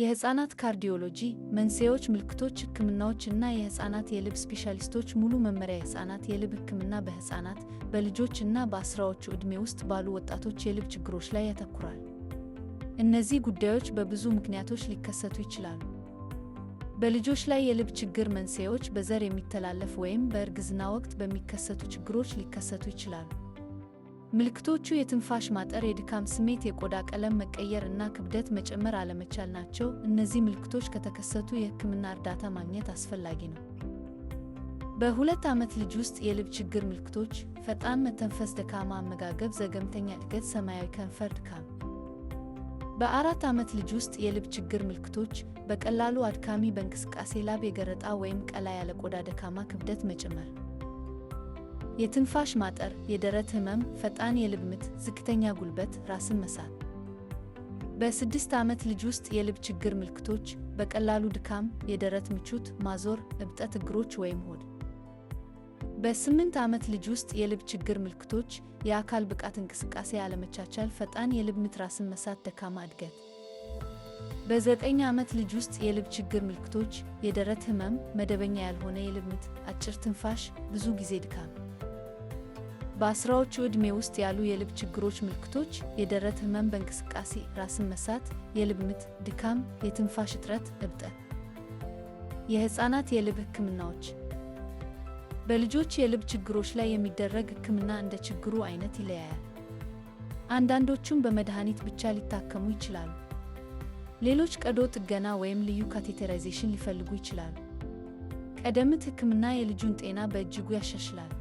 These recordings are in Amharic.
የህፃናት ካርዲዮሎጂ መንስኤዎች፣ ምልክቶች፣ ህክምናዎች እና የህፃናት የልብ ስፔሻሊስቶች ሙሉ መመሪያ የህፃናት የልብ ህክምና በህፃናት በልጆች እና በአስራዎቹ ዕድሜ ውስጥ ባሉ ወጣቶች የልብ ችግሮች ላይ ያተኩራል። እነዚህ ጉዳዮች በብዙ ምክንያቶች ሊከሰቱ ይችላሉ። በልጆች ላይ የልብ ችግር መንስኤዎች በዘር የሚተላለፍ ወይም በእርግዝና ወቅት በሚከሰቱ ችግሮች ሊከሰቱ ይችላሉ። ምልክቶቹ የትንፋሽ ማጠር፣ የድካም ስሜት፣ የቆዳ ቀለም መቀየር እና ክብደት መጨመር አለመቻል ናቸው። እነዚህ ምልክቶች ከተከሰቱ የሕክምና እርዳታ ማግኘት አስፈላጊ ነው። በሁለት ዓመት ልጅ ውስጥ የልብ ችግር ምልክቶች፣ ፈጣን መተንፈስ፣ ደካማ አመጋገብ፣ ዘገምተኛ እድገት፣ ሰማያዊ ከንፈር፣ ድካም። በአራት ዓመት ልጅ ውስጥ የልብ ችግር ምልክቶች፣ በቀላሉ አድካሚ በእንቅስቃሴ ላብ የገረጣ ወይም ቀላ ያለ ቆዳ፣ ደካማ ክብደት መጨመር የትንፋሽ ማጠር፣ የደረት ህመም፣ ፈጣን የልብ ምት፣ ዝቅተኛ ጉልበት፣ ራስን መሳት። በስድስት ዓመት ልጅ ውስጥ የልብ ችግር ምልክቶች በቀላሉ ድካም፣ የደረት ምቾት፣ ማዞር፣ እብጠት፣ እግሮች ወይም ሆድ። በስምንት ዓመት ልጅ ውስጥ የልብ ችግር ምልክቶች የአካል ብቃት እንቅስቃሴ አለመቻቻል፣ ፈጣን የልብ ምት፣ ራስን መሳት፣ ደካማ እድገት። በዘጠኝ ዓመት ልጅ ውስጥ የልብ ችግር ምልክቶች የደረት ህመም፣ መደበኛ ያልሆነ የልብ ምት፣ አጭር ትንፋሽ፣ ብዙ ጊዜ ድካም በአስራዎቹ ዕድሜ ውስጥ ያሉ የልብ ችግሮች ምልክቶች የደረት ህመም፣ በእንቅስቃሴ ራስን መሳት፣ የልብ ምት፣ ድካም፣ የትንፋሽ እጥረት፣ እብጠት። የህፃናት የልብ ህክምናዎች በልጆች የልብ ችግሮች ላይ የሚደረግ ህክምና እንደ ችግሩ አይነት ይለያያል። አንዳንዶቹም በመድኃኒት ብቻ ሊታከሙ ይችላሉ። ሌሎች ቀዶ ጥገና ወይም ልዩ ካቴተራይዜሽን ሊፈልጉ ይችላሉ። ቀደምት ህክምና የልጁን ጤና በእጅጉ ያሻሽላል።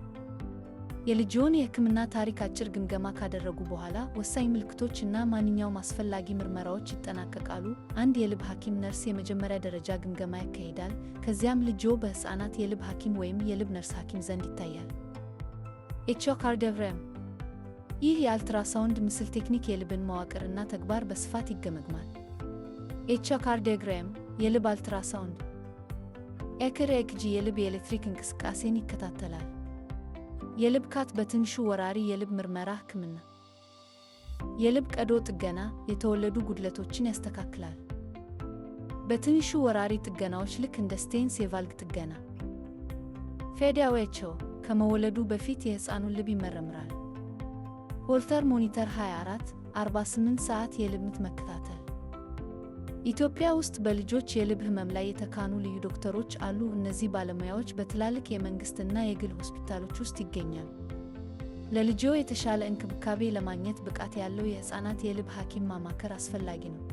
የልጅዎን የሕክምና ታሪክ አጭር ግምገማ ካደረጉ በኋላ ወሳኝ ምልክቶች እና ማንኛውም አስፈላጊ ምርመራዎች ይጠናቀቃሉ። አንድ የልብ ሐኪም ነርስ የመጀመሪያ ደረጃ ግምገማ ያካሂዳል። ከዚያም ልጅዎ በሕፃናት የልብ ሐኪም ወይም የልብ ነርስ ሐኪም ዘንድ ይታያል። ኤቾካርደቭረም ይህ የአልትራሳውንድ ምስል ቴክኒክ የልብን መዋቅርና ተግባር በስፋት ይገመግማል። ኤቾካርዲዮግራም የልብ አልትራሳውንድ ኤክር ኤክጂ የልብ የኤሌክትሪክ እንቅስቃሴን ይከታተላል። የልብ ካት በትንሹ ወራሪ የልብ ምርመራ ህክምና የልብ ቀዶ ጥገና የተወለዱ ጉድለቶችን ያስተካክላል። በትንሹ ወራሪ ጥገናዎች ልክ እንደ ስቴንስ የቫልግ ጥገና ፌዲያዌቸው ከመወለዱ በፊት የሕፃኑን ልብ ይመረምራል። ሆልተር ሞኒተር 24 48 ሰዓት የልብ ምት መከታተል ኢትዮጵያ ውስጥ በልጆች የልብ ህመም ላይ የተካኑ ልዩ ዶክተሮች አሉ። እነዚህ ባለሙያዎች በትላልቅ የመንግስትና የግል ሆስፒታሎች ውስጥ ይገኛሉ። ለልጆ የተሻለ እንክብካቤ ለማግኘት ብቃት ያለው የህፃናት የልብ ሐኪም ማማከር አስፈላጊ ነው።